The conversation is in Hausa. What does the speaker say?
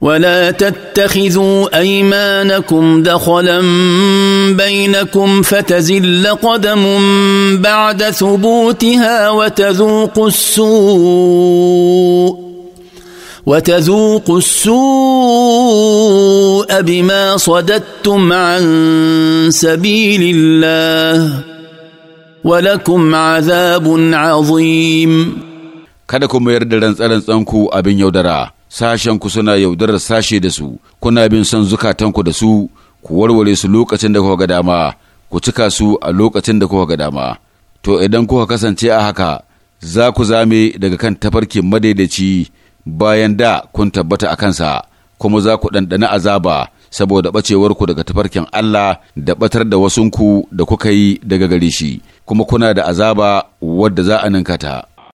ولا تتخذوا ايمانكم دخلا بينكم فتزل قدم بعد ثبوتها وتذوقوا السوء وتذوقوا السوء بما صددتم عن سبيل الله ولكم عذاب عظيم kada يرد mayar انكو ابن يودرا sashen ku suna yaudarar sashe da su kuna bin son zukatanku da su ku warware su lokacin da kuka ga dama ku cika su a lokacin da kuka ga dama to idan kuka kasance a haka za ku zame daga kan tafarkin madaidaici bayan da kun tabbata a kansa kuma za ku ɗanɗana azaba saboda ɓacewarku daga tafarkin Allah da ɓatar da wasunku da kuka yi daga gare shi kuma kuna da azaba wadda za a ninkata.